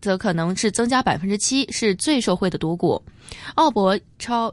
則可能是增加百分之七，是最受惠的賭股，澳博超，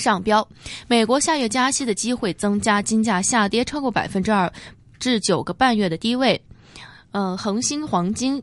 上標，美國下月加息的機會增加，金價下跌超過百分之二至九個半月的低位。嗯、呃，恒星黃金。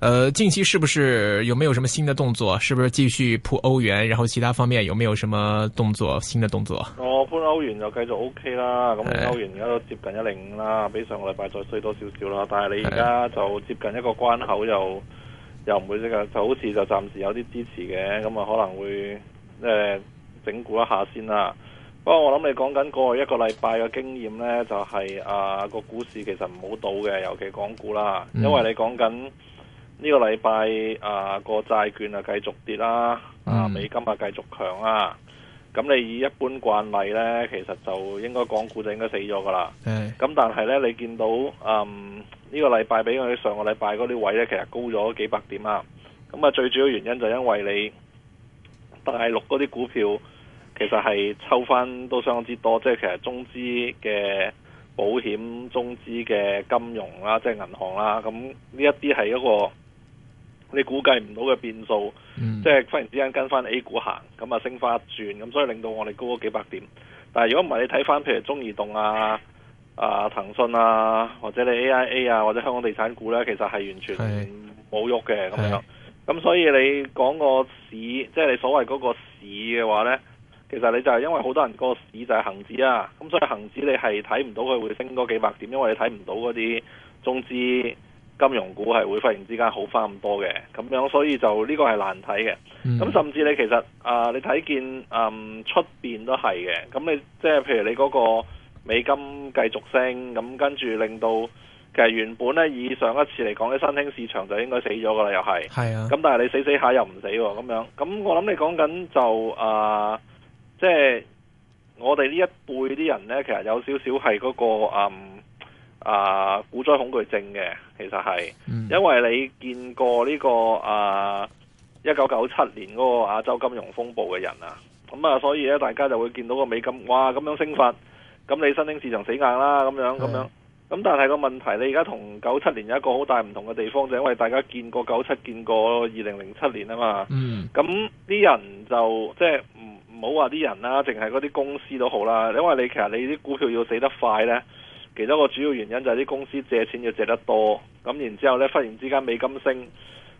誒、呃，近期是不是有沒有什麼新的動作？是不是繼續鋪歐元？然後其他方面有沒有什麼動作？新的動作？我鋪歐元就繼續 O、OK、K 啦。咁歐元而家都接近一零五啦，比上個禮拜再衰多少少啦。但係你而家就接近一個關口，又又唔會即係就好似就暫時有啲支持嘅。咁啊可能會誒、呃、整固一下先啦。不過我諗你講緊過去一個禮拜嘅經驗呢，就係、是、啊個股市其實唔好賭嘅，尤其港股啦、嗯，因為你講緊。呢、這個禮拜啊，個、呃、債券啊繼續跌啦、嗯，啊美金啊繼續強啦。咁你以一般慣例呢，其實就應該港股就應該死咗噶啦。咁、嗯、但係呢，你見到嗯呢、這個禮拜比佢上個禮拜嗰啲位呢，其實高咗幾百點啦咁啊，最主要原因就因為你大陸嗰啲股票其實係抽翻都相當之多，即係其實中資嘅保險、中資嘅金融啦，即係銀行啦，咁呢一啲係一個。你估計唔到嘅變數，嗯、即係忽然之間跟翻 A 股行，咁啊升翻一轉，咁所以令到我哋高咗幾百點。但係如果唔係你睇翻，譬如中移動啊、啊騰訊啊，或者你 AIA 啊，或者香港地產股咧，其實係完全冇喐嘅咁樣，咁所以你講個市，即、就、係、係、你所謂嗰個市嘅話咧，其實你就係因為好多人個市就係恒指啊，咁所以恒指你係睇唔到佢會升嗰幾百點，因為你睇唔到嗰啲中資。金融股係會忽然之間好翻咁多嘅，咁樣所以就呢、呢個係難睇嘅。咁、嗯、甚至你其實啊、呃，你睇見啊出邊都係嘅。咁、嗯、你即係譬如你嗰個美金繼續升，咁跟住令到其實原本咧以上一次嚟講嘅新興市場就應該死咗噶啦，又係。係啊。咁但係你死死下又唔死喎，咁樣。咁我諗你講緊就啊，即、呃、係、就是、我哋呢一輩啲人咧，其實有少少係嗰、嗰個、嗯啊，股災恐懼症嘅，其實係、嗯，因為你見過呢、這個啊一九九七年嗰個亞洲金融風暴嘅人啊，咁啊，所以咧大家就會見到個美金哇咁樣升法，咁你新興市場死硬啦，咁樣咁樣，咁但係個問題你而家同九七年有一個好大唔同嘅地方就係、是、因為大家見過九七，見過二零零七年啊嘛，咁、嗯、啲人就即係唔唔好話啲人啦，淨係嗰啲公司都好啦，因為你其實你啲股票要死得快呢。其中一個主要原因就係啲公司借錢要借得多，咁然之後呢，忽然之間美金升，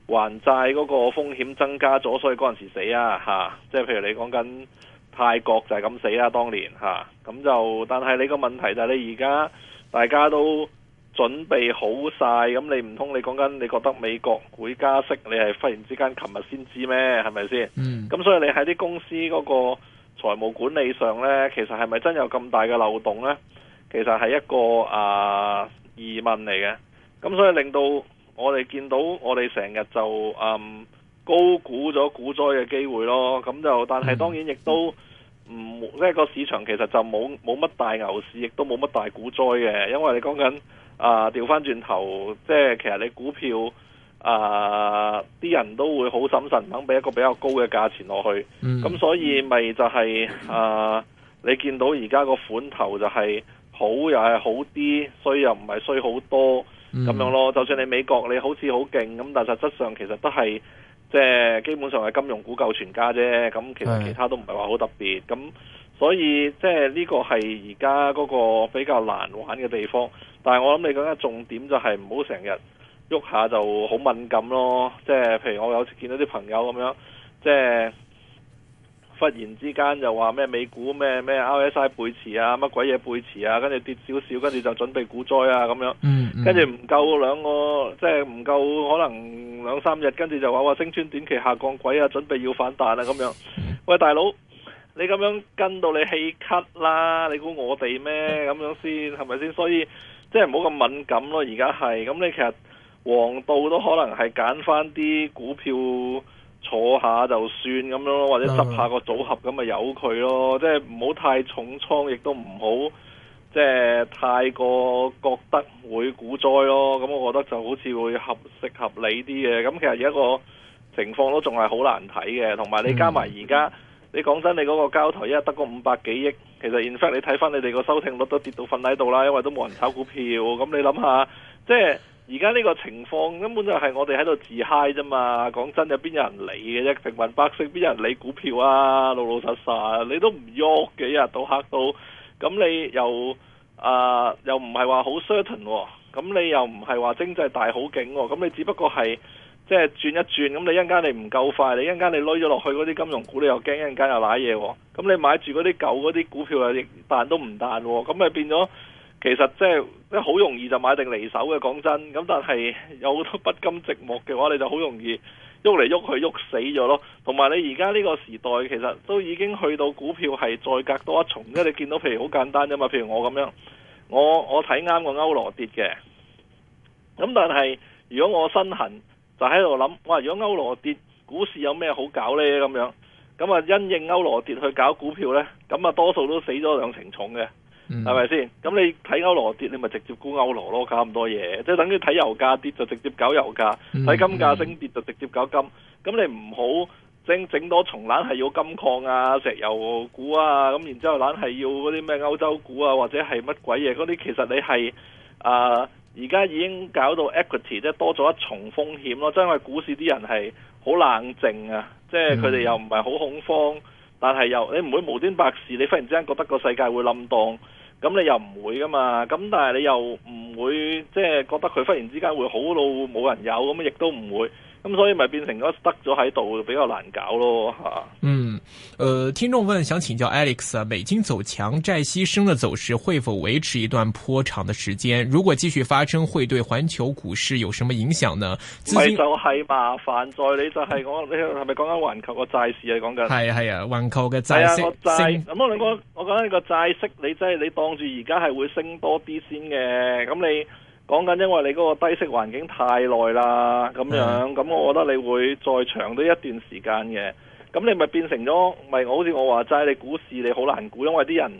還債嗰個風險增加咗，所以嗰陣時死啊嚇！即係譬如你講緊泰國就係咁死啦，當年嚇，咁就。但係你個問題就係你而家大家都準備好晒。咁你唔通你講緊你覺得美國會加息，你係忽然之間琴日先知咩？係咪先？咁、嗯、所以你喺啲公司嗰個財務管理上呢，其實係咪真有咁大嘅漏洞呢？其實係一個啊、呃、疑問嚟嘅，咁所以令到我哋見到我哋成日就啊、嗯、高估咗股災嘅機會咯，咁就但係當然亦都唔即係個市場其實就冇冇乜大牛市，亦都冇乜大股災嘅，因為你講緊啊調翻轉頭，即係其實你股票啊啲、呃、人都會好審慎，肯俾一個比較高嘅價錢落去，咁、嗯、所以咪就係、是、啊、呃、你見到而家個款頭就係、是。好又係好啲，衰又唔係衰好多咁、嗯、樣咯。就算你美國，你好似好勁咁，但實質上其實都係即係基本上係金融股救全家啫。咁其實其他都唔係話好特別。咁、嗯、所以即係呢、這個係而家嗰個比較難玩嘅地方。但係我諗你講緊重點就係唔好成日喐下就好敏感咯。即係譬如我有次見到啲朋友咁樣，即係。忽然之間又話咩美股咩咩 RSI 背馳啊，乜鬼嘢背馳啊，跟住跌少少，跟住就準備股災啊咁樣，跟住唔夠兩個即係唔夠可能兩三日，跟住就話話升穿短期下降軌啊，準備要反彈啊咁樣。喂，大佬，你咁樣跟到你氣咳啦，你估我哋咩咁樣先係咪先？所以即係唔好咁敏感咯，而家係咁。你其實黃道都可能係揀翻啲股票。坐下就算咁樣咯，或者執下個組合咁咪由佢咯，即係唔好太重倉，亦都唔好即係太過覺得會股災咯。咁我覺得就好似會合適合理啲嘅。咁其實而家個情況都仲係好難睇嘅，同埋你加埋而家你講真，你嗰個交投一日得個五百幾億，其實 in fact 你睇翻你哋個收聽率都跌到瞓喺度啦，因為都冇人炒股票。咁你諗下，即係。而家呢個情況根本就係我哋喺度自嗨啫嘛！講真，有邊有人理嘅啫？平民百姓邊有人理股票啊？老老實實，你都唔喐幾日都黑到。咁你又、呃、又唔係話好 certain 喎、哦。咁你又唔係話經濟大好景喎、哦。咁你只不過係即係轉一轉。咁你一陣間你唔夠快，你一陣間你攞咗落去嗰啲金融股，你又驚一陣間又瀨嘢喎。咁你買住嗰啲舊嗰啲股票又亦彈都唔彈喎。咁你變咗。其實即係即係好容易就買定離手嘅，講真。咁但係有好多不甘寂寞嘅話，你就好容易喐嚟喐去喐死咗咯。同埋你而家呢個時代，其實都已經去到股票係再隔多一重。即係你見到，譬如好簡單啫嘛。譬如我咁樣，我我睇啱個歐羅跌嘅。咁但係如果我身痕就喺度諗，哇！如果歐羅跌，股市有咩好搞呢？樣」咁樣咁啊，因應歐羅跌去搞股票呢。咁啊，多數都死咗兩成重嘅。係咪先？咁 你睇歐羅跌，你咪直接沽歐羅咯，搞咁多嘢，即係等於睇油價跌就直接搞油價，睇 金價升跌就直接搞金。咁你唔好整整多重攬，係要金礦啊、石油股啊，咁然之後攬係要嗰啲咩歐洲股啊，或者係乜鬼嘢嗰啲，其實你係啊，呃、而家已經搞到 equity 即係多咗一重風險咯。因為股市啲人係好冷靜啊， 即係佢哋又唔係好恐慌。但係又你唔會無端白事，你忽然之間覺得個世界會冧檔，咁你又唔會噶嘛，咁但係你又唔會即係覺得佢忽然之間會好到冇人有，咁亦都唔會，咁所以咪變成咗塞咗喺度比較難搞咯嚇。嗯。呃，聽眾問，想請教 Alex 啊，美金走強，債息升嘅走勢會否維持一段頗長嘅時間？如果繼續發生，會對環球股市有什麼影響呢？唔係就係麻煩在你就係、是、我，你係咪講緊環球個債市啊？講緊係係啊，環、啊、球嘅債息升咁我兩個，我講緊個債息，你真、就、係、是、你當住而家係會升多啲先嘅，咁你講緊因為你嗰個低息環境太耐啦，咁樣咁，嗯、我覺得你會再長多一段時間嘅。咁你咪變成咗，咪好似我話齋，你股市你好難估，因為啲人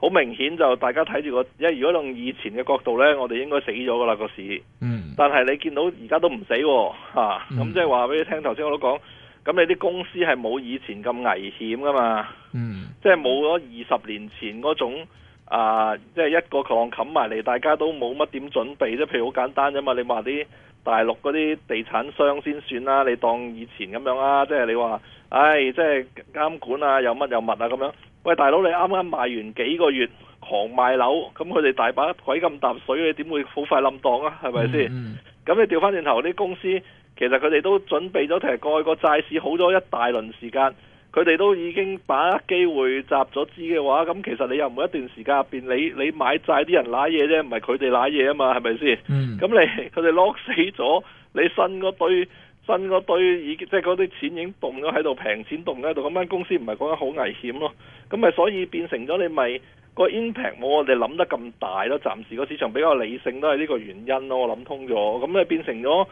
好明顯就大家睇住個，因為如果用以前嘅角度呢，我哋應該死咗噶啦個市。嗯。但係你見到而家都唔死喎、啊，咁即係話俾你聽，頭先我都講，咁你啲公司係冇以前咁危險噶嘛。嗯。即係冇咗二十年前嗰種啊，即係一個浪冚埋嚟，大家都冇乜點準備即譬如好簡單啫嘛，你話啲。大陸嗰啲地產商先算啦、啊，你當以前咁樣啦，即係你話，唉，即、就、係、是、監管啊，有乜有乜啊咁樣。喂，大佬你啱啱賣完幾個月狂賣樓，咁佢哋大把鬼咁揼水，你點會好快冧檔啊？係咪先？咁、嗯嗯、你調翻轉頭，啲公司其實佢哋都準備咗，其實過去個債市好咗一大輪時間。佢哋都已經把機會集咗資嘅話，咁其實你又唔會一段時間入邊，你你買債啲人攋嘢啫，唔係佢哋攋嘢啊嘛，係咪先？咁、嗯、你佢哋 lock 死咗，你新嗰堆新嗰堆已即係嗰啲錢已經凍咗喺度，平錢凍咗喺度，咁班公司唔係講得好危險咯。咁咪所以變成咗你咪、那個 i n p a c t 冇我哋諗得咁大咯。暫時個市場比較理性都係呢個原因咯。我諗通咗，咁你變成咗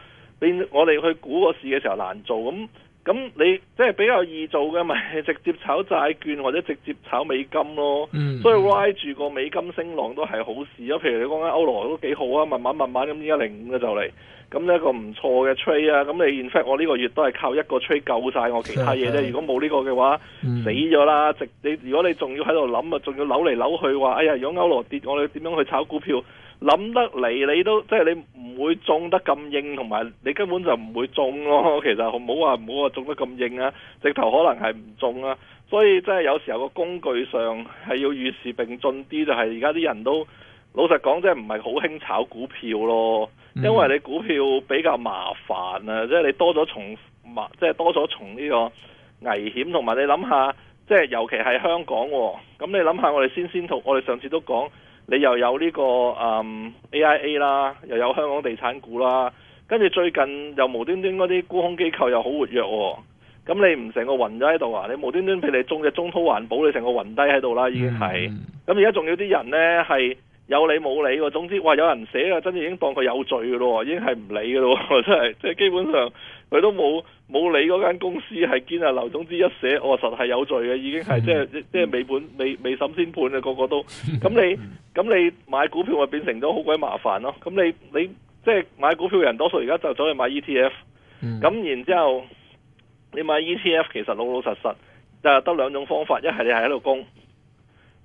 我哋去估個市嘅時候難做咁。咁你即係比較易做嘅咪、就是、直接炒債券或者直接炒美金咯，嗯、所以拉住個美金升浪都係好事啊！譬如你講緊歐羅都幾好啊，慢慢慢慢咁而家零五嘅就嚟，咁呢一個唔錯嘅 trade 啊！咁你 in fact 我呢個月都係靠一個 trade 夠晒我其他嘢啫。如果冇呢個嘅話、嗯、死咗啦！直你如果你仲要喺度諗啊，仲要扭嚟扭去話，哎呀，如果歐羅跌，我哋點樣去炒股票？諗得嚟，你都即係你唔會中得咁應，同埋你根本就唔會中咯。其實唔好話唔好話中得咁應啊，直頭可能係唔中啊。所以即係有時候個工具上係要與時並進啲，就係而家啲人都老實講，即係唔係好興炒股票咯，因為你股票比較麻煩啊，即係你多咗重，即係多咗重呢個危險，同埋你諗下，即係尤其係香港咁，你諗下我哋先先同我哋上次都講。你又有呢個嗯 AIA 啦，又有香港地產股啦，跟住最近又無端端嗰啲沽空機構又好活躍喎，咁你唔成個暈咗喺度啊。你無端端譬如你中嘅中滔環保，你成個暈低喺度啦，已經係，咁而家仲有啲人呢係。有理冇理喎，總之，話有人寫啊，真係已經當佢有罪噶咯，已經係唔理噶咯，真係，即係基本上佢都冇冇理嗰間公司係堅啊，劉總之一寫，我、哦、實係有罪嘅，已經係、嗯、即係即係未本、嗯、未未審先判啊，個個都。咁、嗯、你咁你買股票咪變成咗好鬼麻煩咯。咁你你即係、就是、買股票人多數而家就走去買 ETF，咁、嗯、然之後你買 ETF 其實老老實實就係得兩種方法，一係你係喺度供。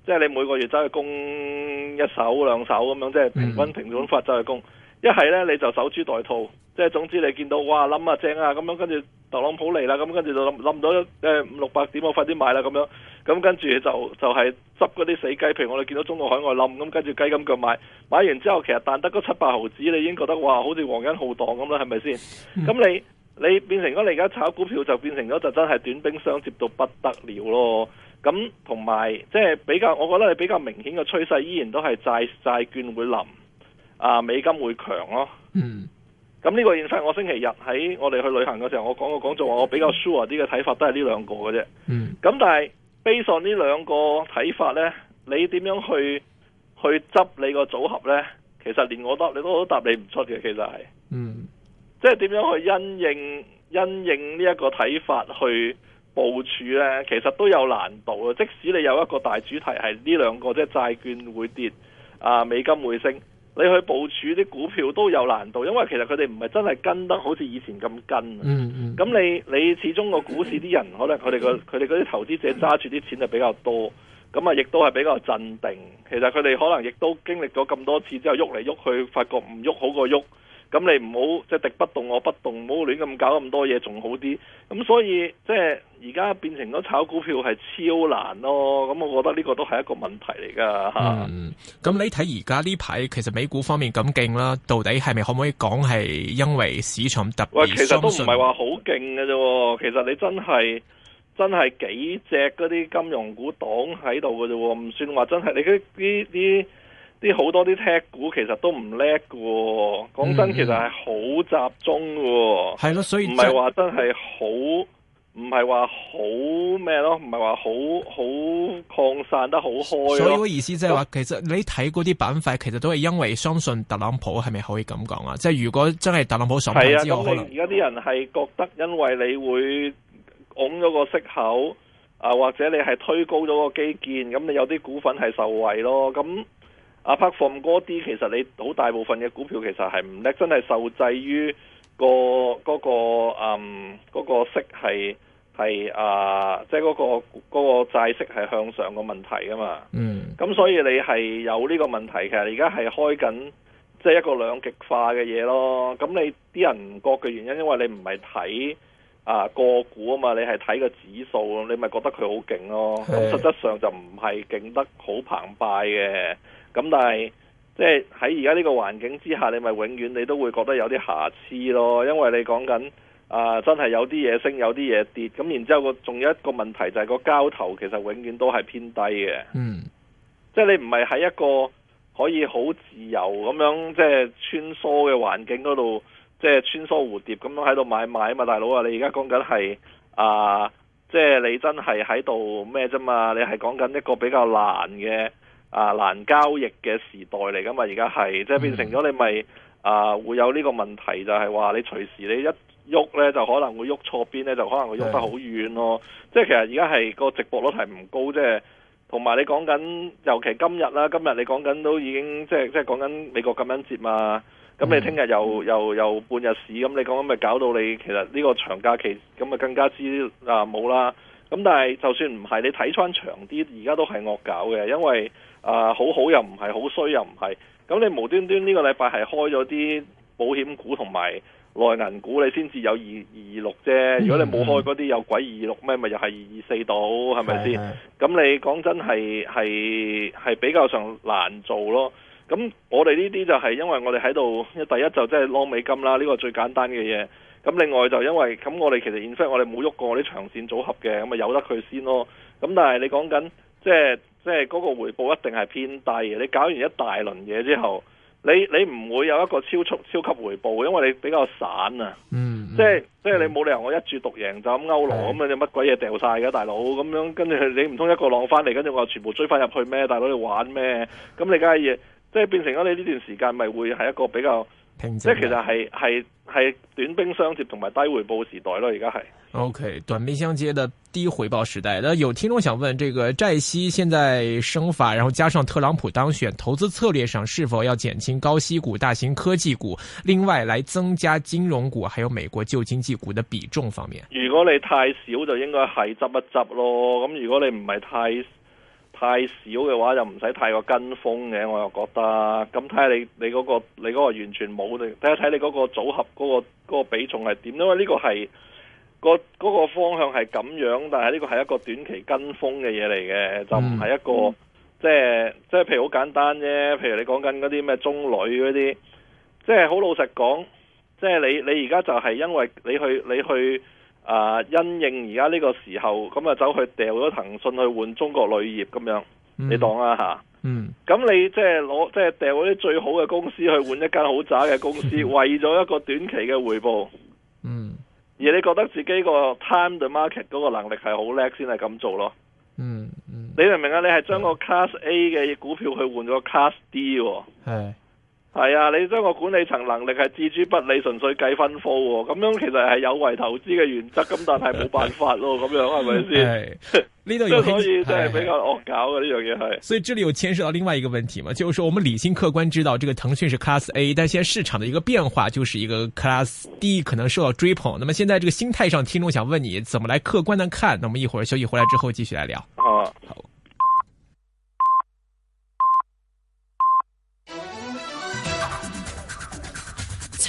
即係你每個月走去供一手兩手咁樣，即係平均、mm. 平均法走去供。一係呢，你就守株待兔，即係總之你見到哇冧啊正啊咁樣，跟住特朗普嚟啦，咁跟住就冧到、欸、五六百點，我快啲買啦咁樣。咁跟住就就係執嗰啲死雞，譬如我哋見到中國海外冧咁，跟住雞咁腳買買完之後，其實彈得嗰七八毫子，你已經覺得哇好似皇恩浩蕩咁啦，係咪先？咁、mm. 你你變成咗你而家炒股票就變成咗就真係短兵相接到不得了咯。咁同埋即係比較，我覺得係比較明顯嘅趨勢，依然都係債債券會冧，啊美金會強咯。嗯。咁呢個現實，我星期日喺我哋去旅行嗰時候，我講過講座話，我比較 sure 啲嘅睇法都係呢兩個嘅啫。嗯。咁但係 based 呢兩個睇法呢，你點樣去去執你個組合呢？其實連我答你都答你唔出嘅，其實係。嗯。即係點樣去因應因應呢一個睇法去？部署咧，其實都有難度啊！即使你有一個大主題係呢兩個，即係債券會跌，啊美金會升，你去部署啲股票都有難度，因為其實佢哋唔係真係跟得好似以前咁跟。嗯嗯，咁你你始終個股市啲人，可能佢哋個佢哋嗰啲投資者揸住啲錢就比較多，咁啊亦都係比較鎮定。其實佢哋可能亦都經歷咗咁多次之後喐嚟喐去，發覺唔喐好過喐。咁你唔好即係敵不動我不動，唔好亂咁搞咁多嘢，仲好啲。咁所以即係而家變成咗炒股票係超難咯。咁我覺得呢個都係一個問題嚟㗎嚇。咁、嗯、你睇而家呢排其實美股方面咁勁啦，到底係咪可唔可以講係因為市場特別？喂，其實都唔係話好勁嘅啫。其實你真係真係幾隻嗰啲金融股擋喺度嘅啫，唔算話真係你啲啲。啲好多啲踢股其實都唔叻喎。講真其實係好集中喎。係、嗯、咯、嗯嗯嗯嗯嗯，所以唔係話真係好，唔係話好咩咯，唔係話好好擴散得好開。所以我意思即係話，其實你睇嗰啲板塊，其實都係因為相信特朗普係咪可以咁講啊？即、就、係、是、如果真係特朗普上台之後可能，而家啲人係覺得因為你會拱咗個息口啊、呃，或者你係推高咗個基建，咁你有啲股份係受惠咯，咁。阿 Platform 嗰啲，其實你好大部分嘅股票其實係唔叻，真係受制於、嗰個嗰、嗰個嗯嗰、嗰個、息係係啊，即係嗰個嗰、嗰個債息係向上嘅問題啊嘛。嗯。咁所以你係有呢個問題，其實你而家係開緊即係一個兩極化嘅嘢咯。咁你啲人唔覺嘅原因，因為你唔係睇啊個股啊嘛，你係睇個指數，你咪覺得佢好勁咯。咁實質上就唔係勁得好澎湃嘅。咁但係，即係喺而家呢個環境之下，你咪永遠你都會覺得有啲瑕疵咯。因為你講緊啊，真係有啲嘢升，有啲嘢跌。咁然之後個仲有一個問題就係個交投其實永遠都係偏低嘅。嗯，即係你唔係喺一個可以好自由咁樣即係穿梭嘅環境嗰度，即係穿梭蝴蝶咁樣喺度買賣啊嘛，大佬啊！你而家講緊係啊，即係你真係喺度咩啫嘛？你係講緊一個比較難嘅。啊，難交易嘅時代嚟㗎嘛，而家係即係變成咗你咪啊、呃，會有呢個問題就係、是、話你隨時你一喐咧，就可能會喐錯邊咧，就可能會喐得好遠咯，哦。即係其實而家係個值博率係唔高，即係同埋你講緊，尤其今日啦，今日你講緊都已經即係即係講緊美國感恩節嘛，咁你聽日又、嗯、又又、又半日市，咁你講緊咪搞到你其實呢個長假期咁咪更加之啊冇啦。咁但係就算唔係你睇穿長啲，而家都係惡搞嘅，因為啊，好好又唔係，好衰又唔係。咁你無端端呢個禮拜係開咗啲保險股同埋內銀股，你先至有二二六啫。如果你冇開嗰啲、嗯、有鬼二六咩，咪又係二二四到，係咪先？咁你講真係係係比較上難做咯。咁我哋呢啲就係因為我哋喺度，第一就即係攞美金啦，呢、呢個最簡單嘅嘢。咁另外就因為咁，我哋其實 in fact 我哋冇喐過啲長線組合嘅，咁咪由得佢先咯。咁但係你講緊即係。即係嗰個回報一定係偏低嘅，你搞完一大輪嘢之後，你你唔會有一個超速、超級回報，因為你比較散啊。嗯，即係、嗯、即係你冇理由我一注獨贏就咁勾羅咁、嗯、你乜鬼嘢掉晒㗎大佬咁樣，跟住你唔通一個浪翻嚟，跟住我又全部追翻入去咩？大佬你玩咩？咁你梗係嘢，即係變成咗你呢段時間咪會係一個比較。即係其實係係係短兵相接同埋低回報時代咯，而家係。OK，短兵相接的低回報時代，那有聽眾想問，這個債息現在升法，然後加上特朗普當選，投資策略上是否要減輕高息股、大型科技股，另外來增加金融股，還有美國舊經濟股的比重方面？如果你太少就應該係執一執咯，咁如果你唔係太。太少嘅話就唔使太過跟風嘅，我又覺得咁睇下你你嗰個你嗰個完全冇你睇下睇你嗰個組合嗰個嗰個比重係點，因為呢個係個嗰個方向係咁樣，但係呢個係一個短期跟風嘅嘢嚟嘅，就唔係一個即係即係譬如好簡單啫，譬如你講緊嗰啲咩中旅嗰啲，即係好老實講，即係你你而家就係因為你去你去。.啊！因應而家呢個時候，咁啊走去掉咗騰訊去換中國鋁業咁樣，mm -hmm. 你當啦吓。嗯、mm -hmm.，咁你即係攞即係掉嗰啲最好嘅公司去換一間好渣嘅公司， 為咗一個短期嘅回報。嗯、mm -hmm.，而你覺得自己個 time the market 嗰個能力係好叻，先係咁做咯。嗯、mm、嗯 -hmm.，你明唔明啊？你係將個 class A 嘅股票去換咗 class D 喎。係、mm -hmm.。 係啊，你將個管理層能力係置之不理，純粹計分科喎。哦，咁樣其實係有違投資嘅原則，咁但係冇辦法咯，咁 樣係咪先？呢度可以真係比較惡搞嘅呢樣嘢係。 所以這裏有牽涉到另外一個問題嘛，就是說我們理性客觀知道這個騰訊是 Class A，但現在市場的一個變化就是一個 Class D 可能受到追捧。那麼現在這個心態上，聽眾想問你，怎麼來客觀的看？那麼一會兒休息回來之後，繼續來聊。好。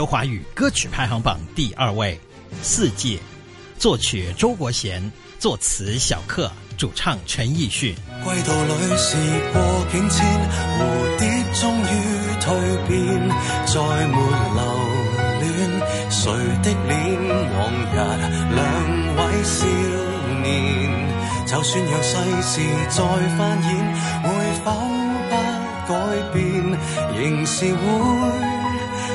劉華語歌曲排行榜第二位，四季，作曲周國賢，作詞小克，主唱陳奕迅。歸途裏，時過境遷，蝴蝶終於蛻變，再沒留戀誰的臉，往日兩位少年，就算有世事再翻演，會否不改變，仍是會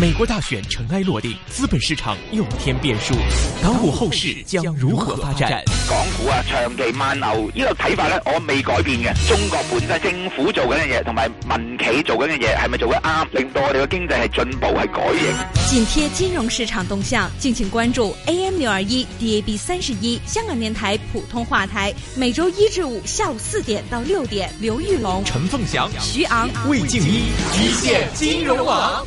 美國大選塵埃落定，資本市場又添變數，港股後市將如何發展？港股啊，長期慢牛，呢、這個睇法呢，我未改變嘅。中國本身政府做緊嘅嘢，同埋民企做緊嘅嘢，係咪做得啱，令到我哋嘅經濟係進步係改型？緊貼金融市場動向，敬請關注 AM 六二一 DAB 三十一，香港電台普通話台，每周一至五下午四點到六點，劉玉龍、陳鳳祥、徐昂、魏靜一，一線金融網。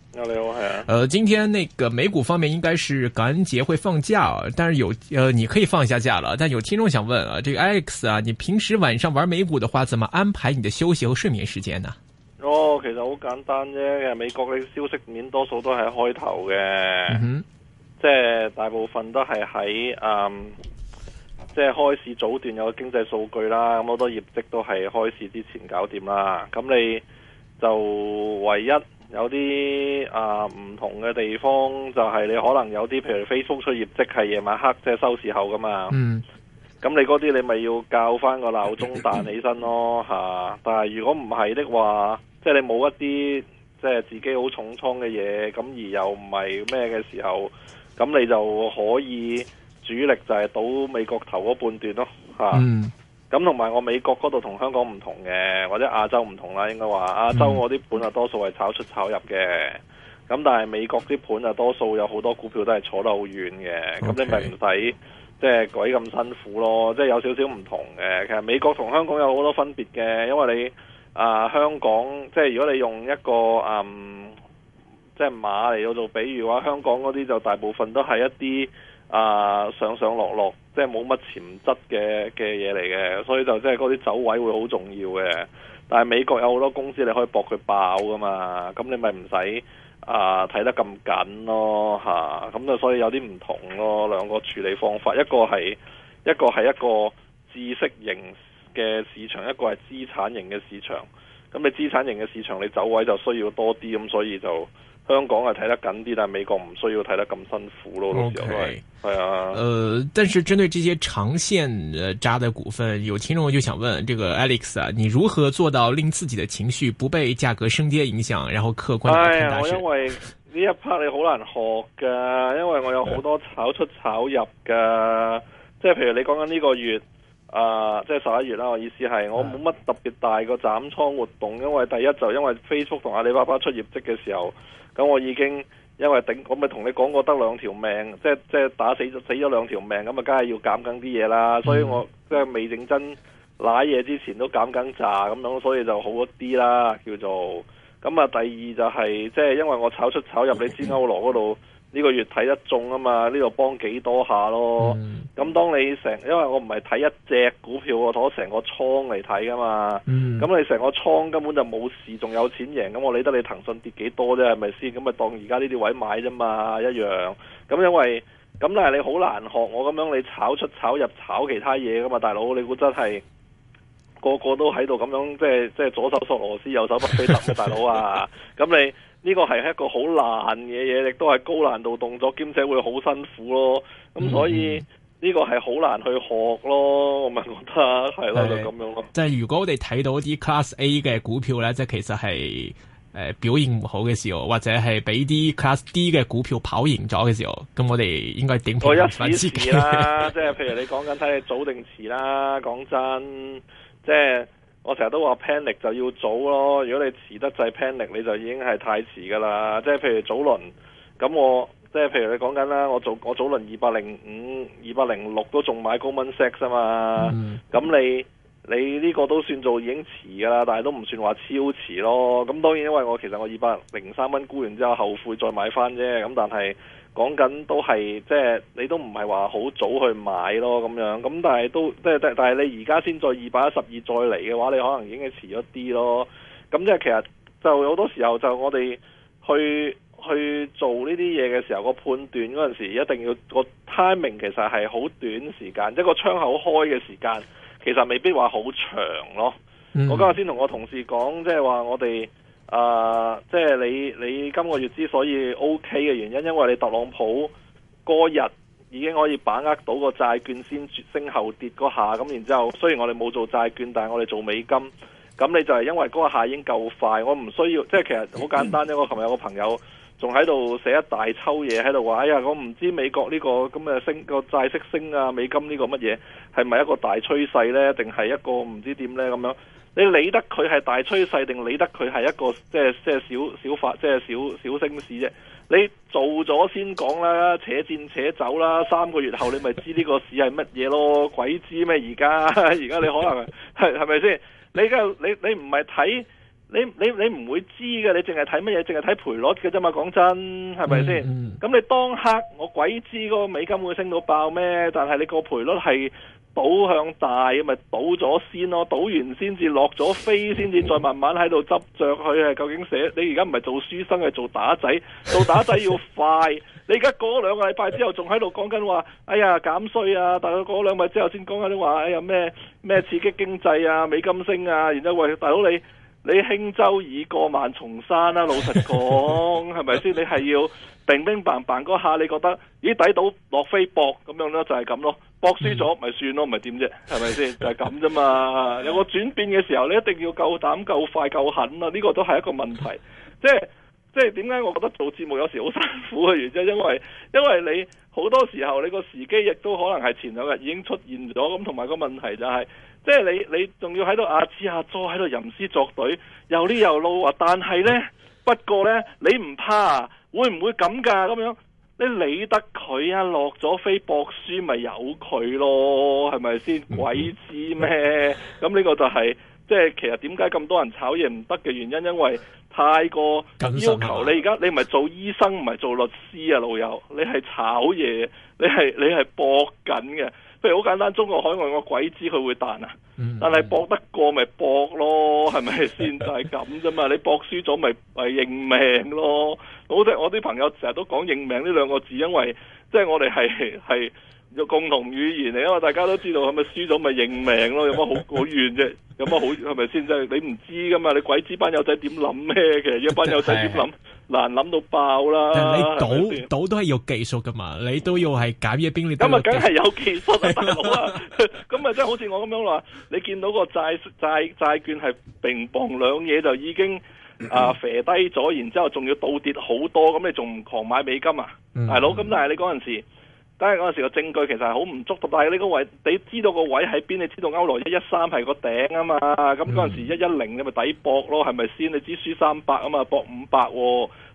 阿、啊、劉，誒、啊呃，今天那個美股方面，應該是感恩節會放假，但是有，呃你可以放一下假啦。但有聽眾想問啊，這個 Alex 啊，你平時晚上玩美股的話，怎麼安排你的休息和睡眠時間呢？哦，其實好簡單啫，美國嘅消息面多數都係開頭嘅，即、嗯、係、就是、大部分都係喺，嗯即係、就是、開市早段有經濟數據啦，咁好多業績都係開市之前搞掂啦，咁你就唯一。有啲啊唔同嘅地方就係、是、你可能有啲譬如 Facebook 出業績係夜晚黑即係收市後噶嘛，咁、嗯、你嗰啲你咪要較返個鬧鐘彈起身咯吓、啊。但係如果唔係的話，即係你冇一啲即係自己好重倉嘅嘢，咁而又唔係咩嘅時候，咁你就可以主力就係到美國頭嗰半段咯吓。啊嗯咁同埋我美國嗰度同香港唔同嘅，或者亞洲唔同啦，應該話亞洲我啲盤啊多數係炒出炒入嘅，咁但係美國啲盤啊多數有好多股票都係坐得好遠嘅，咁、okay，你咪唔使即係鬼咁辛苦咯，即、就、係、是、有少少唔同嘅。其實美國同香港有好多分別嘅，因為你啊、呃、香港即係如果你用一個嗯即係、就是、馬嚟到做比喻嘅話，香港嗰啲就大部分都係一啲。啊上上落落，即係冇乜潛質嘅嘅嘢嚟嘅，所以就即係嗰啲走位會好重要嘅。但係美國有好多公司你可以搏佢爆噶嘛，咁你咪唔使啊睇得咁緊咯，吓、啊。咁就所以有啲唔同咯，兩個處理方法，一個係一個係一個知識型嘅市場，一個係資產型嘅市場。咁你資產型嘅市場，你走位就需要多啲，咁所以就。香港係睇得緊啲，但係美國唔需要睇得咁辛苦咯。O K，係啊。呃，但是針對這些長線呃揸嘅股份，有聽眾就想問：這個 Alex 啊，你如何做到令自己的情緒不被價格升跌影響，然後客觀？我因為呢一 part 你好難學噶，因為我有好多炒出炒入噶。即係譬如你講緊呢個月，啊、呃，即係十一月啦。我意思係我冇乜特別大個斬倉活動，因為第一就是、因為 Facebook 同阿里巴巴出業績嘅時候。咁我已經因為頂，咁咪同你講過，得兩條命，即係即係打死死咗兩條命，咁啊，梗係要減緊啲嘢啦。所以我，mm -hmm. 我即係未認真瀨嘢之前，都減緊炸咁樣，所以就好一啲啦。叫做咁啊。第二就係、是、即係因為我炒出炒入你先歐羅嗰度。呢、這個月睇得中啊嘛，呢度幫幾多下咯？咁、嗯、當你成，因為我唔係睇一隻股票，我攞成個倉嚟睇噶嘛。咁、嗯、你成個倉根本就冇事，仲有錢贏，咁我理得你騰訊跌幾多啫？係咪先？咁咪當而家呢啲位買啫嘛，一樣。咁因為咁但係你好難學我咁樣，你炒出炒入炒其他嘢噶嘛，大佬你估真係個個都喺度咁樣，即係即係左手索羅斯，右手巴菲特嘅大佬啊！咁 你。呢個係一個好難嘅嘢，亦都係高難度動作，兼且會好辛苦咯。咁所以呢個係好難去學咯，嗯嗯我咪覺得係咯，就咁樣咯。即係如果我哋睇到啲 Class A 嘅股票呢，即係其實係、呃、表現唔好嘅時候，或者係俾啲 Class D 嘅股票跑贏咗嘅時候，咁我哋應該點睇？我一時啦， 即係譬如你講緊睇你早定遲啦，講真，即係。我成日都話 panic 就要早咯，如果你遲得滯 panic，你就已經係太遲㗎啦。即係譬如早輪，咁我即係譬如你講緊啦，我做我早輪二百零五、二百零六都仲買高蚊息啊嘛。咁、嗯、你你呢個都算做已經遲㗎啦，但係都唔算話超遲咯。咁當然因為我其實我二百零三蚊沽完之後後悔再買翻啫。咁但係。講緊都係即係你都唔係話好早去買咯咁樣，咁但係都即係但係你而家先再二百一十二再嚟嘅話，你可能已經係遲咗啲咯。咁即係其實就有好多時候就我哋去去做呢啲嘢嘅時候，個判斷嗰陣時一定要個 timing 其實係好短時間，即個窗口開嘅時間其實未必話好長咯。嗯、我今日先同我同事講，即係話我哋。啊，uh，即係你你今個月之所以 OK 嘅原因，因為你特朗普嗰日已經可以把握到個債券先升後跌個下，咁然之後，雖然我哋冇做債券，但係我哋做美金，咁你就係因為嗰個下已經夠快，我唔需要，即係其實好簡單啫。我琴日有個朋友仲喺度寫一大抽嘢喺度話，「哎呀，我唔知美國呢個咁嘅升個債息升啊，美金呢個乜嘢係咪一個大趨勢呢？定係一個唔知點呢？」咁樣。你理得佢係大趨勢，定理得佢係一個即係即係小小法即係小小升市啫。你做咗先講啦，且戰且走啦。三個月後你咪知呢個市係乜嘢咯？鬼知咩？而家而家你可能係係咪先？你梗你你唔係睇你你你唔會知嘅，你淨係睇乜嘢？淨係睇賠率嘅啫嘛。講真係咪先？咁、嗯嗯、你當刻我鬼知個美金會升到爆咩？但係你個賠率係。賭向大咪賭咗先咯，賭完先至落咗飛，先至再慢慢喺度執着佢究竟寫。你而家唔係做書生，係做打仔，做打仔要快。你而家過兩個禮拜之後仲喺度講緊話，哎呀減稅啊！但係過兩個禮拜之後先講緊話，哎呀咩咩刺激經濟啊，美金升啊！然之後喂大佬你你輕舟已過萬重山啦、啊，老實講係咪先？你係要乒乒乓乓嗰下你覺得咦抵到落飛博咁、就是、樣咯，就係咁咯。博輸咗咪算咯，唔係點啫，係咪先？就係咁啫嘛。有個轉變嘅時候，你一定要夠膽、夠快、夠狠啊！呢、這個都係一個問題。即係即係點解？我覺得做節目有時好辛苦嘅原因，因為因為你好多時候你個時機亦都可能係前兩日已經出現咗咁，同埋個問題就係、是，即係你你仲要喺度暗處下坐喺度吟詩作對，又呢又怒啊！但係呢，不過呢，你唔怕會唔會咁噶？咁樣。你理得佢啊？落咗飛搏輸咪由佢咯，係咪先？鬼知咩？咁、嗯、呢、嗯、個就係即係其實點解咁多人炒嘢唔得嘅原因，因為太過要求，你而家你唔係做醫生，唔係做律師啊，老友，你係炒嘢，你係你係搏緊嘅。譬如好簡單，中國海外我鬼知佢會彈啊！但係博得過咪博咯，係咪先？就係咁啫嘛！你博輸咗咪咪認命咯。好似我啲朋友成日都講認命呢兩個字，因為即係我哋係係有共同語言嚟，因為大家都知道係咪輸咗咪認命咯？有乜好好怨啫？有乜好係咪先？即係你唔知噶嘛？你鬼知班友仔點諗咩？其實一班友仔點諗？難諗到爆啦！但係你賭賭都係要技術噶嘛，你都要係揀嘢邊你都係。咁啊，梗係有技術啊大佬啊！咁啊，即係好似我咁樣話，你見到個債債債券係平磅兩嘢就已經啊肥、嗯呃、低咗，然之後仲要倒跌好多，咁你仲唔狂買美金啊？嗯、大佬，咁但係你嗰陣時。但係嗰陣時個證據其實係好唔足，但係呢個位你知道個位喺邊，你知道歐羅一一三係個頂啊嘛，咁嗰陣時一一零你咪抵搏咯，係咪先？你只輸三百啊嘛，搏五百，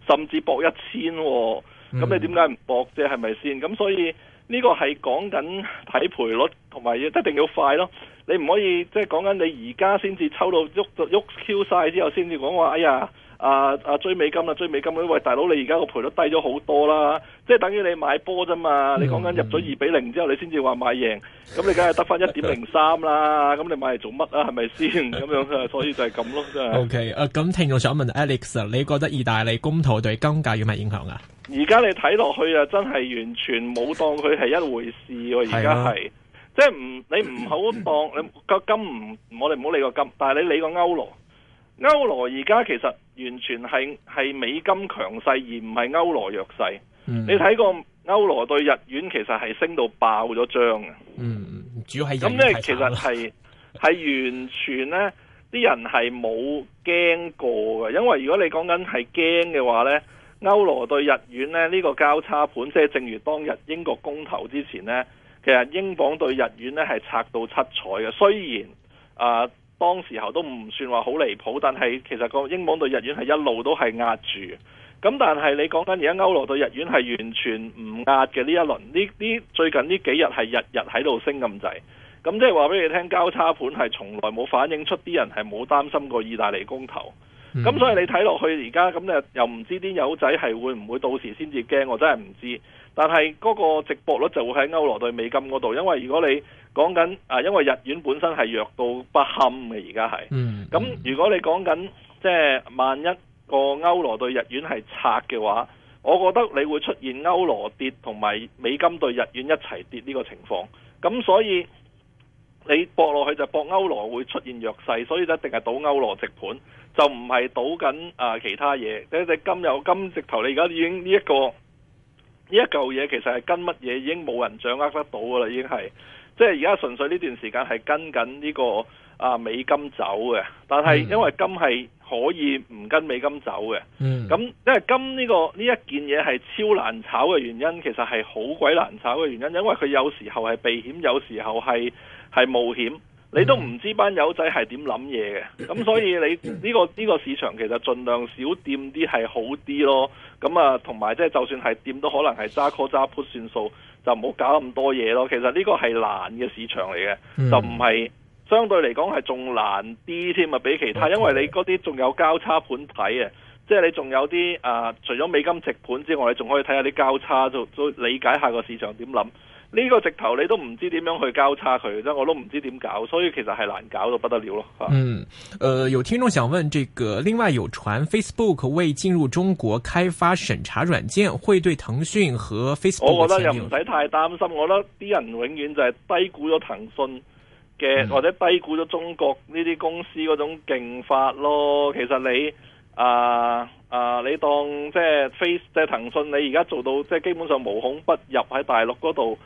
甚至搏一千，咁你點解唔搏啫？係咪先？咁、嗯、所以呢、呢個係講緊睇賠率同埋一定要快咯，你唔可以即係講緊你而家先至抽到喐喐 Q 晒之後先至講話，哎呀～啊啊追美金啊，追美金嗰啲喂，大佬你而家個賠率低咗好多啦，即係等於你買波啫嘛，你講緊入咗二比零之後，你先至話買贏，咁你梗係得返一點零三啦，咁 你買嚟做乜啊？係咪先咁 樣啊？所以就係咁咯，真係。OK，誒、啊，咁聽眾想問 Alex，你覺得意大利公投對金價有咩影響啊？而家你睇落去啊，真係完全冇當佢係一回事喎。而家係，是啊、即係唔你唔好當你個金唔，我哋唔好理個金，但係你理個歐羅。歐羅而家其實完全係係美金強勢而唔係歐羅弱勢，嗯，你睇過歐羅對日元其實係升到爆咗張嘅，嗯，主要係咁咧，其實係係完全咧啲人係冇驚過嘅，因為如果你講緊係驚嘅話咧，歐羅對日元咧呢，呢個交叉盤即係正如當日英國公投之前咧，其實英鎊對日元咧係拆到七彩嘅，雖然啊。呃當時候都唔算話好離譜，但係其實個英鎊對日元係一路都係壓住，咁但係你講緊而家歐羅對日元係完全唔壓嘅呢一輪，呢呢最近呢幾日係日日喺度升咁滯，咁即係話俾你聽交叉盤係從來冇反映出啲人係冇擔心過意大利公投，咁、嗯、所以你睇落去而家咁你又唔知啲友仔係會唔會到時先至驚，我真係唔知。但係嗰個值博率就會喺歐羅對美金嗰度，因為如果你講緊啊，因為日元本身係弱到不堪嘅，而家係。嗯。咁如果你講緊即係萬一個歐羅對日元係拆嘅話，我覺得你會出現歐羅跌同埋美金對日元一齊跌呢個情況。咁所以你搏落去就搏歐羅會出現弱勢，所以就一定係賭歐羅直盤，就唔係賭緊啊其他嘢。你你今有金直投，你而家已經呢、這、一個。呢一嚿嘢其實係跟乜嘢已經冇人掌握得到㗎啦，已經係，即係而家純粹呢段時間係跟緊呢個啊美金走嘅，但係因為金係可以唔跟美金走嘅，嗯，咁因為金呢個呢一件嘢係超難炒嘅原因，其實係好鬼難炒嘅原因，因為佢有時候係避險，有時候係係冒險。 你都唔知班友仔係點諗嘢嘅，咁所以你呢個呢個市場其實盡量少掂啲係好啲咯。咁啊，同埋即係就算係掂都可能係揸 call 揸 put 算數，就唔好搞咁多嘢咯。其實呢個係難嘅市場嚟嘅， 就唔係相對嚟講係仲難啲添啊。比其他，因為你嗰啲仲有交叉盤睇啊，即係你仲有啲、呃、除咗美金直盤之外，你仲可以睇下啲交叉，就理解下個市場點諗。呢、這個直頭你都唔知點樣去交叉佢啫，我都唔知點搞，所以其實係難搞到不得了咯。嗯，誒、呃，有聽眾想問，這個另外有傳 Facebook 為進入中國開發審查軟件，會對騰訊和 Facebook？我覺得又唔使太擔心，我覺得啲人永遠就係低估咗騰訊嘅，或者低估咗中國呢啲公司嗰種勁法咯。其實你啊啊、呃呃，你當即係 Face 即係騰訊，你而家做到即係基本上無孔不入喺大陸嗰度。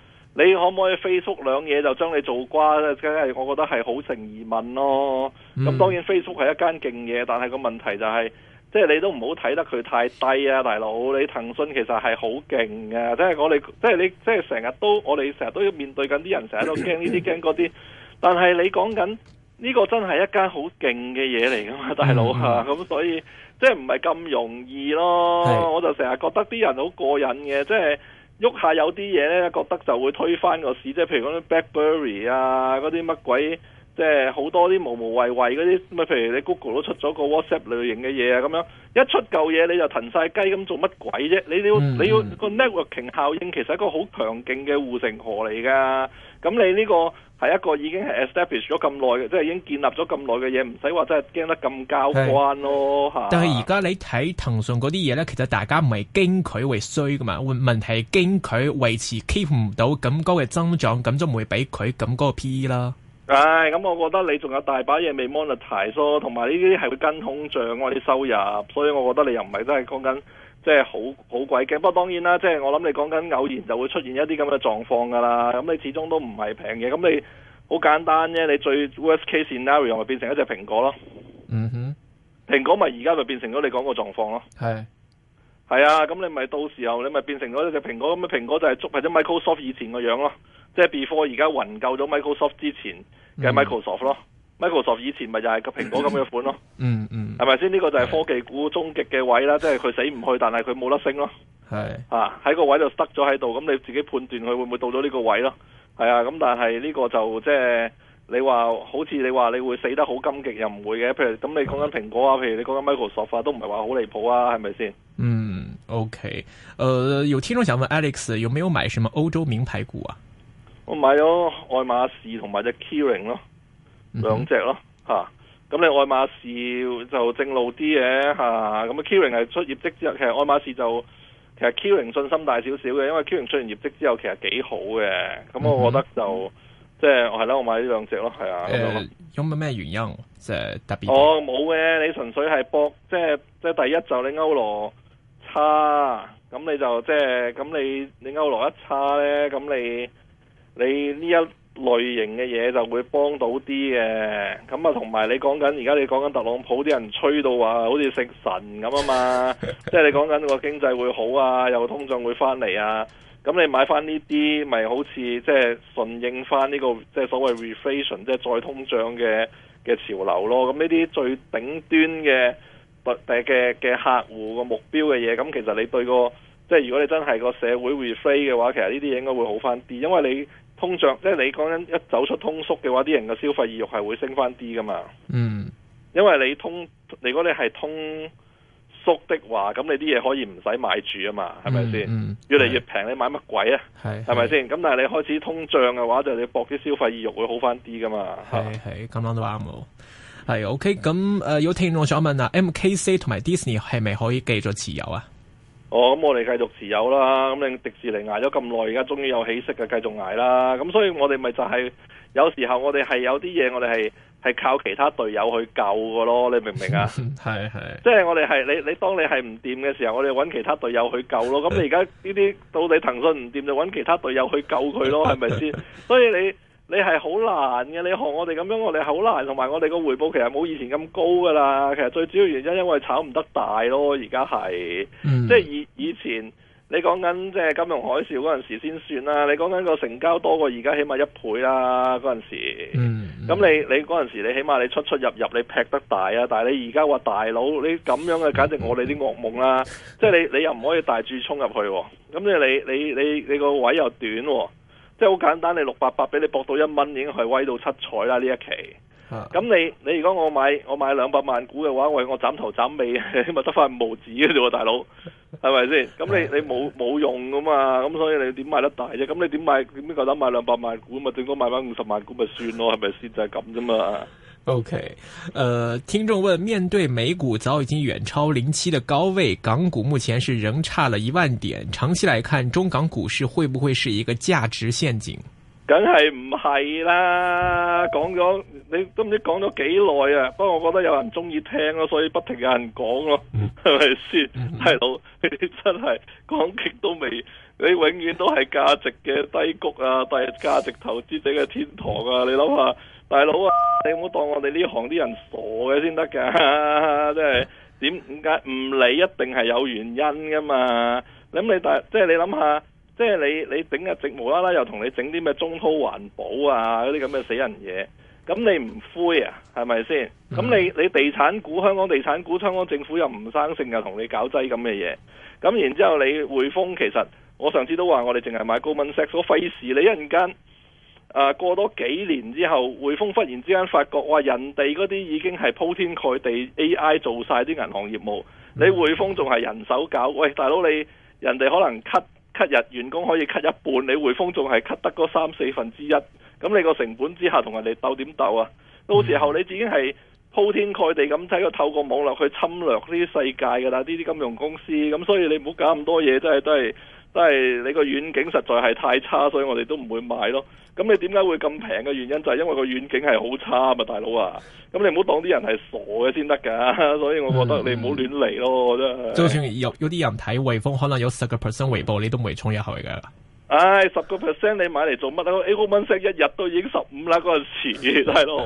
你可唔可以 Facebook 兩嘢就將你做瓜咧？係，我覺得係好成疑問咯。咁、嗯、當然 Facebook 係一間勁嘢，但係個問題就係、是，即係你都唔好睇得佢太低啊，大佬。你騰訊其實係好勁嘅，即係我哋，即係你，即係成日都，我哋成日都要面對緊啲人，成日都驚呢啲驚嗰啲。但係你講緊呢個真係一間好勁嘅嘢嚟噶嘛，大佬。咁所以即係唔係咁容易咯。我就成日覺得啲人好過癮嘅，即係。喐下有啲嘢咧，覺得就會推翻個市，即係譬如嗰啲 Blackberry 啊，嗰啲乜鬼，即係好多啲無無謂謂嗰啲，咪譬如你 Google 都出咗個 WhatsApp 類型嘅嘢啊，咁樣一出舊嘢你就騰晒雞咁做乜鬼啫？你要你要你要個 networking 效應其實係一個好強勁嘅護城河嚟㗎。咁你呢個係一個已經係 establish 咗咁耐嘅，即係已經建立咗咁耐嘅嘢，唔使話真係驚得咁交關咯。但係而家你睇騰訊嗰啲嘢咧，其實大家唔係驚佢會衰噶嘛，問題係驚佢維持 keep 唔到咁高嘅增長，咁就唔會畀佢咁高個 P E 啦。唉、哎，咁我覺得你仲有大把嘢未 monetize 囉，同埋呢啲係會跟通脹我啲收入，所以我覺得你又唔係真係講緊。即係好好鬼驚，不過當然啦，即係我諗你講緊偶然就會出現一啲咁嘅狀況㗎啦。咁你始終都唔係平嘅，咁你好簡單啫。你最 worst case scenario 咪變成一隻蘋果咯？嗯哼，蘋果咪而家咪變成咗你講個狀況咯。係係啊，咁你咪到時候你咪變成咗一隻蘋果咁啊？蘋果就係捉係咗 Microsoft 以前個樣咯，即係 before 而家雲救咗 Microsoft 之前嘅 Microsoft 咯、嗯。Microsoft 以前咪就係個蘋果咁嘅款咯，嗯嗯，係咪先？呢、呢個就係科技股終極嘅位啦，即係佢死唔去，但係佢冇得升咯。係啊，喺個位度塞咗喺度，咁你自己判斷佢會唔會到咗呢個位咯？係啊，咁但係呢個就即係你話好似你話你會死得好急嘅，又唔會嘅。譬如咁，你講緊蘋果啊，譬如你講緊 Microsoft 啊，都唔係話好離譜啊，係咪先？嗯，OK，誒、呃、有聽眾想問 Alex 有冇買什麼歐洲名牌股啊？我買咗愛馬仕同埋隻 Kering 咯。兩、嗯、隻咯吓，咁、啊、你愛馬仕就正路啲嘅吓，咁啊 Kering 係出業績之後，其實愛馬仕就其實 Kering 信心大少少嘅，因為 Kering 出完業績之後其實幾好嘅，咁我覺得就即係係啦，我買呢兩隻咯，係啊。咁有咩原因即係、就是、特別？哦，冇嘅，你純粹係博，即係即係第一就你歐羅差，咁你就即係咁你你歐羅一差咧，咁你你呢一。類型嘅嘢就會幫到啲嘅，咁啊同埋你講緊而家你講緊特朗普啲人吹到話好似食神咁啊嘛，即 係你講緊個經濟會好啊，又通脹會翻嚟啊，咁你買翻呢啲咪好似即係順應翻呢、這個即係、就是、所謂 reflation 即係再通脹嘅嘅潮流咯，咁呢啲最頂端嘅特嘅嘅客戶個目標嘅嘢，咁其實你對個即係如果你真係個社會 reflation 嘅話，其實呢啲嘢應該會好翻啲，因為你。通脹即係你講緊一走出通縮嘅話，啲人嘅消費意欲係會升翻啲噶嘛？嗯，因為你通，你如果你係通縮的話，咁你啲嘢可以唔使買住啊嘛，係咪先？越嚟越平，你買乜鬼啊？係，係咪先？咁但係你開始通脹嘅話，就係你搏啲消費意欲會好翻啲噶嘛？係，係咁講都啱喎。係 OK，咁誒有聽眾想問啊，MKC 同埋 Disney 係咪可以繼續持有啊？哦，咁我哋繼續持有啦。咁你迪士尼挨咗咁耐，而家終於有起色嘅，繼續挨啦。咁所以我哋咪就係、是，有時候我哋係有啲嘢，我哋係係靠其他隊友去救噶咯。你明唔明啊？係 係，即係我哋係你你當你係唔掂嘅時候，我哋揾其他隊友去救咯。咁你而家呢啲到底騰訊唔掂，就揾其他隊友去救佢咯，係咪先？所以你。你係好難嘅，你同我哋咁樣，我哋好難，同埋我哋個回報其實冇以前咁高噶啦。其實最主要原因因為炒唔得大咯，而家係，即係以以前你講緊即係金融海嘯嗰陣時先算啦。你講緊個成交多過而家起碼一倍啦，嗰陣時。咁、嗯嗯、你你嗰陣時你起碼你出出入入你劈得大啊，但係你而家話大佬，你咁樣嘅，簡直我哋啲惡夢啦、嗯。即係你你又唔可以大注衝入去，咁即係你你你你個位又短。即係好簡單，你六百八俾你搏到一蚊，已經係威到七彩啦！呢一期，咁、啊、你你如果我買我買兩百萬股嘅話，喂，我斬頭斬尾，咪得翻五毫紙嘅啫喎，大佬，係咪先？咁你你冇冇用噶嘛？咁所以你點買得大啫？咁你點買？點夠膽買兩百萬股？咪最多買翻五十萬股咪算咯？係咪先？就係咁啫嘛。O、okay, K，呃，聽眾問：面對美股早已經遠超零七的高位，港股目前是仍差了一萬點。長期來看，中港股市會不會是一個價值陷阱？梗係唔係啦，講咗你都唔知講咗幾耐啊！不過我覺得有人中意聽咯，所以不停有人講咯，係咪先？係、嗯、你真係講極都未，你永遠都係價值嘅低谷啊，但係價值投資者嘅天堂啊！你諗下。大佬啊，你唔好當我哋呢行啲人傻嘅先得噶，真係點點解唔理一定係有原因噶嘛？咁你大即係你諗下，即係你想想即你整日直無啦啦又同你整啲咩中滔環保啊嗰啲咁嘅死人嘢，咁你唔灰啊？係咪先？咁你你地產股香港地產股香港政府又唔生性又同你搞劑咁嘅嘢，咁然之後你匯豐其實我上次都話我哋淨係買高敏息，我費事你一陣間。誒、啊，過多幾年之後，匯豐忽然之間發覺，哇，人哋嗰啲已經係鋪天蓋地 AI 做晒啲銀行業務，你匯豐仲係人手搞，喂，大佬，你人哋可能 cut cut 日員工可以 cut 一半，你匯豐仲係 cut 得嗰三四分之一，咁你個成本之下同人哋鬥點鬥啊、嗯？到時候你自己係鋪天蓋地咁，喺度透過網絡去侵略呢啲世界噶啦，呢啲金融公司，咁所以你唔好搞咁多嘢，都係都係。都係你個遠景實在係太差，所以我哋都唔會買咯。咁你點解會咁平嘅原因就係、是、因為個遠景係好差啊嘛，大佬啊！咁你唔好當啲人係傻嘅先得噶，所以我覺得你唔好亂嚟咯，嗯、真係。就算有有啲人睇滙豐，可能有十個 percent 回報，你都唔會衝入去噶。唉、哎，十個 percent 你買嚟做乜啊，那個？A 股蚊升一日都已經十五啦，嗰陣時，大佬，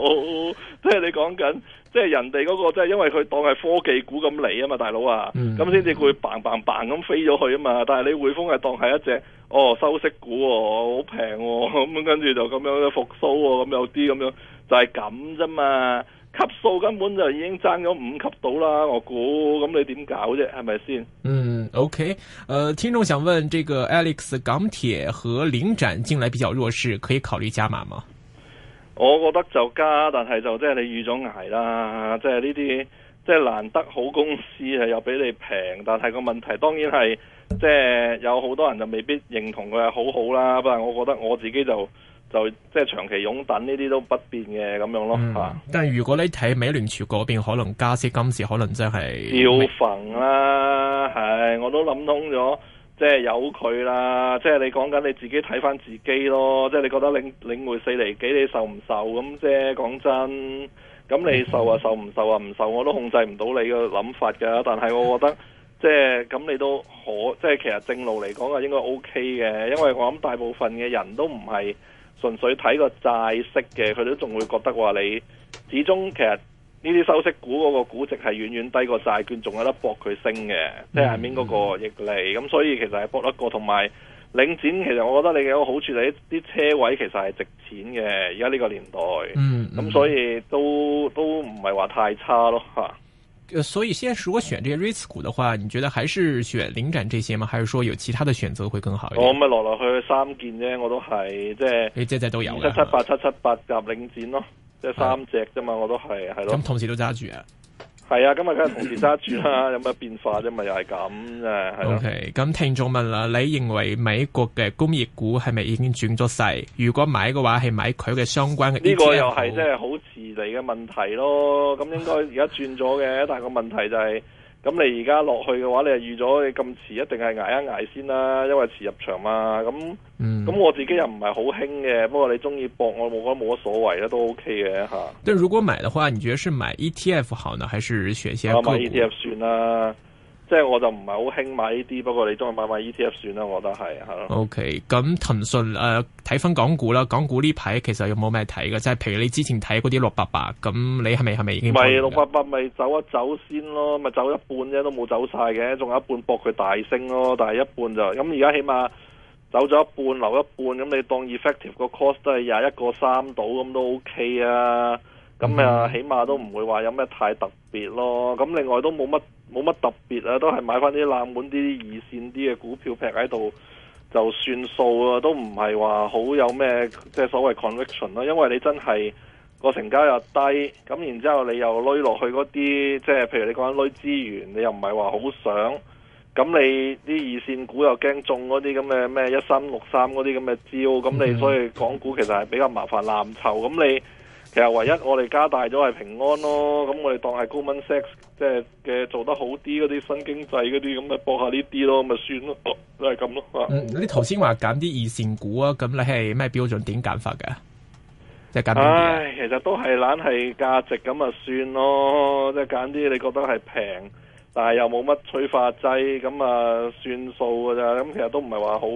即 係你講緊。即係人哋嗰、那個，即係因為佢當係科技股咁嚟啊嘛，大佬啊，咁先至會 bang bang bang 咁飛咗去啊嘛。但係你滙豐係當係一隻哦，收息股哦，好平哦，咁、嗯、跟住就咁樣復蘇哦，咁有啲咁樣就係咁啫嘛。級數根本就已經爭咗五級到啦，我估咁你點搞啫？係咪先？嗯，OK，誒、呃，聽眾想問這個 Alex 港鐵和領展近來比較弱勢，可以考慮加碼嗎？我覺得就加，但係就即係你預咗挨啦，即係呢啲即係難得好公司係又俾你平，但係個問題當然係即係有好多人就未必認同佢係好好啦，不過我覺得我自己就就即係長期擁躉呢啲都不變嘅咁樣咯吓。但係如果你睇美聯儲嗰邊可能加息今次可能真係燒墳啦，係我都諗通咗。即係由佢啦，即係你講緊你自己睇翻自己咯，即係你覺得領領會四厘幾，你受唔受咁？即係講真，咁你受啊受唔受啊唔受，我都控制唔到你嘅諗法㗎。但係我覺得，即係咁你都可，即係其實正路嚟講啊，應該 OK 嘅，因為我諗大部分嘅人都唔係純粹睇個債息嘅，佢都仲會覺得話你始終其實。呢啲收息股嗰個估值係遠遠低過債券，仲有得搏佢升嘅、嗯，即係下邊個溢利。咁、嗯、所以其實係搏得過。同埋領展，其實我覺得你嘅個好處，你啲車位其實係值錢嘅。而家呢個年代，咁、嗯、所以都、嗯、都唔係話太差咯吓。所以，現在如果選這些 REITs 股的話，你覺得還是選領展這些嗎？還是說有其他的選擇會更好？我咪落落去三件啫，我都係即係、欸，你只都有了七七八七七八領展咯。即係三隻啫嘛，我都係，係、啊、咯。咁同時都揸住啊，係啊，今日梗係同時揸住啦，有乜變化啫嘛，又係咁啫，係咯。O K，咁聽眾問啦，你認為美國嘅工業股係咪已經轉咗勢？如果買嘅話，係買佢嘅相關嘅 ETF？呢個又係即係好遲嚟嘅問題咯。咁應該而家轉咗嘅，但係個問題就係、是。咁你而家落去嘅話，你就預咗咁遲一定係挨一挨先啦，因為遲入場嘛。咁咁、嗯、我自己又唔係好興嘅，不過你中意搏，我冇覺得冇乜所謂啦，都 OK 嘅吓。但如果買嘅話，你覺得是買 ETF 好呢，還是選一些個股？買 ETF 算啦。即係我就唔係好興買呢啲，不過你中意買買 ETF 算啦，我覺得係係咯。O K，咁騰訊誒，睇、呃、翻港股啦，港股呢排其實有冇咩睇嘅？即、就、係、是、譬如你之前睇嗰啲六八八，咁你係咪係咪已經？唔係六八八，咪走一走先咯，咪走一半啫，都冇走晒嘅，仲有一半搏佢大升咯，但係一半就咁而家起碼走咗一半，留一半，咁你當 effective 個 cost 都係廿一個三到咁都 O、OK、K 啊。咁、嗯、啊，起碼都唔會話有咩太特別咯。咁另外都冇乜冇乜特別啊，都係買翻啲冷門啲二線啲嘅股票劈，劈喺度就算數啊。都唔係話好有咩即係所謂 conviction 咯。因為你真係個成交又低，咁然之後你又攞落去嗰啲，即係譬如你講緊攞資源，你又唔係話好想。咁你啲二線股又驚中嗰啲咁嘅咩一三六三嗰啲咁嘅招。咁你所以港股其實係比較麻煩，藍籌。咁你其實唯一我哋加大咗係平安咯，咁我哋當係 Common Sense 即係嘅做得好啲嗰啲新經濟嗰啲，咁咪博下呢啲咯，咪算、就是、咯，都係咁咯。嗯，你頭先話揀啲二線股啊，咁你係咩標準點揀法㗎？即係揀啲唉，其實都係懶係價值咁啊，算咯。即係揀啲你覺得係平，但係又冇乜催化劑，咁啊算數噶咋。咁其實都唔係話好。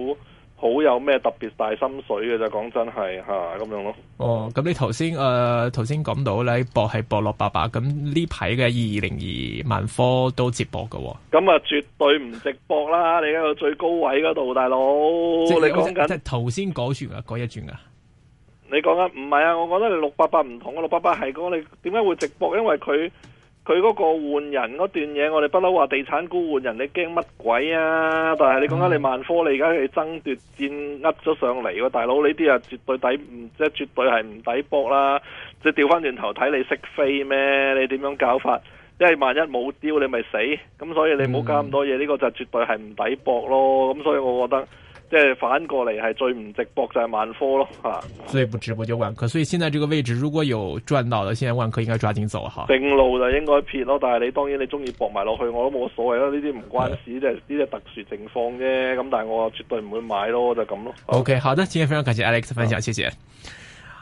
好有咩特別大心水嘅就講真係吓咁樣咯。哦，咁你頭先誒，頭先講到咧博係博六八八，咁呢排嘅二二零二萬科都接博喎。咁啊，絕對唔直播啦！你喺個最高位嗰度，大佬。即係你講緊，即係頭先嗰轉啊，嗰一轉啊。你講緊唔係啊？我覺得你六八八唔同啊，六八八係講你點解會直播？因為佢。佢嗰個換人嗰段嘢，我哋不嬲話地產股換人你驚乜鬼啊？但係你講緊你萬科，你而家去爭奪戰呃咗上嚟喎，大佬，呢啲啊絕對抵，即係絕對係唔抵搏啦！即係調翻轉頭睇你識飛咩？你點樣搞法？因為萬一冇丟你咪死，咁所以你唔好搞咁多嘢，呢、嗯嗯這個就絕對係唔抵搏咯。咁所以我覺得。即係反過嚟係最唔值博，就係萬科咯，吓，最唔值博就萬科，所以現在這個位置如果有賺到的，現在萬科應該抓緊走哈。正路就應該撇咯，但係你當然你中意搏埋落去我都冇所謂咯，呢啲唔關事，呢啲呢啲特殊情況啫。咁但係我絕對唔會買咯，就咁咯。OK，好的，今天非常感謝 Alex 分享，嗯，謝謝。